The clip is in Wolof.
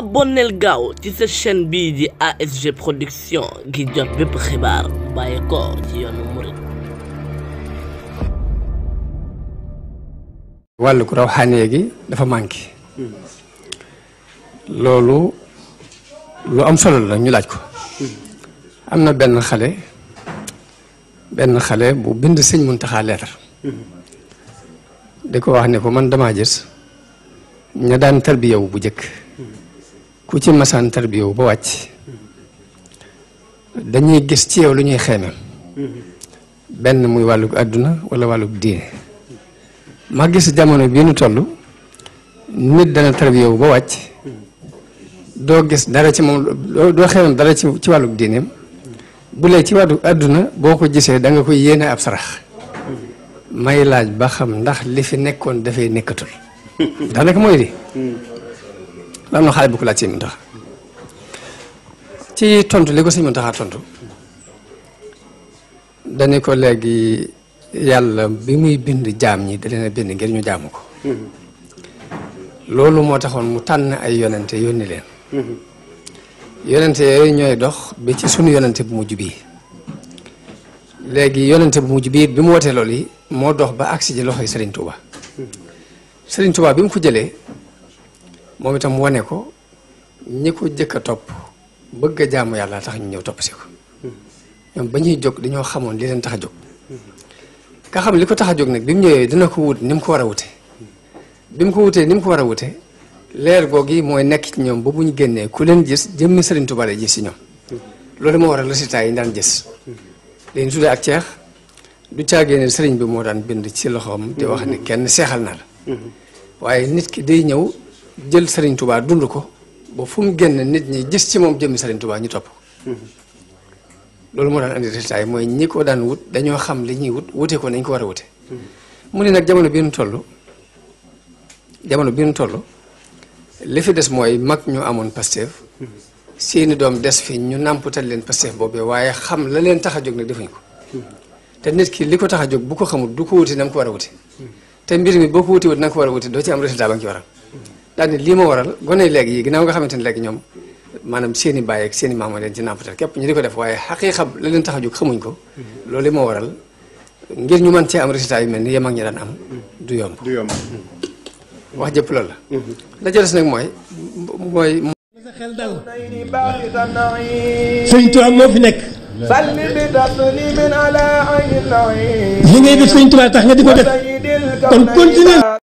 abonné le vous ci sa chaîne bii di ASG production gi jot bépp xibaar bàyyi ko ci yoonu murit wàllu ko rawhane gi dafa manki loolu lu am solo la ñu laaj ko amna ben xale ben xale bu bind seigne muntaha lettre diko wax ne ko man dama jess ña daan tarbiyew bu jëkk ku ci masaan tarbiyawu ba wàcc dañuy gis ci yow lu ñuy xeemeem benn muy wàllug àdduna wala wàllug diine ma gis jamono bii nu toll nit dana tarbiyawu ba wàcc doo gis dara ci moom doo xeemeem dara ci ci wàllug diineem bu lee ci wàllug àdduna boo ko gisee da nga koy yéene ab sarax may laaj ba xam ndax li fi nekkoon dafay nekkatul daanaka mooy di am na xale bu ko laaj sëñ Muntaxa ci tontu li ko sëñ dañu ko léegi yàlla bi muy bind jaam ñi da leen a bind ngir ñu jaamu ko loolu moo taxoon mu tànn ay yonente yónni leen yonente ñooy dox bi ci sunu yonente bu mujj bii léegi yonente bu mujj bii bi mu wotee loolu yi moo dox ba agsi ji loxoy Serigne Touba Serigne Touba bi mu ko jëlee moom itam wane ko ñi ko jëkk a topp bëgg a jaamu yàlla tax ñu ñëw topp si ko ñoom ba ñuy jóg dañoo xamoon li leen tax a jóg ka xam li ko tax a jóg nag bi mu ñëwee dina ko wut ni mu ko war a wute bi mu ko wutee ni mu ko war a wute leer googu yi mooy nekk ñoom ba bu ñu génnee ku leen gis jëmmi Sëriñ Tuubaa lay gis si ñoom loolu moo waral résultat yi ñu daan gis dañu tuddee ak ceex du caagee sëriñ bi moo daan bind ci loxoom di wax ni kenn seexal na la mm-hmm. jël Serigne Touba dund ko ba fu mu génn nit ñi gis ci moom jëmmi Serigne Touba ñu topp loolu moo daan andi résultat mooy ñi ko daan wut dañoo xam li ñuy wut wute ko nañ ko war a wute. mu ne nag jamono bi ñu toll jamono bi ñu toll li fi mooy mag ñu amoon Pastef seeni doom des fi ñu nàmputal leen Pastef boobee waaye xam la leen tax a jóg nag defuñ ko te nit ki li ko tax a jóg bu ko xamul du ko wuti na mu ko war a wuti te mbir mi boo ko wuti wut na nga ko war a wuti doo ci am résultat ba nga ci waral. daal lii ma waral gone léegi yi ginnaaw nga xamante ne léegi ñoom maanaam seen i baay ak seen i maam leen ci nàmpatal képp ñu di ko def waaye xaqiiqa la leen tax a ko loolu moo waral ngir ñu mën cee am résultat yu mel ni yem ak ñi daan am du yomb du yomb wax la mm-hmm. la ca des nag mooy mooy sa xel dal sëñ Tuubaa moo fi nekk li ngay def sëñ Tuubaa tax nga di ko def kon continuer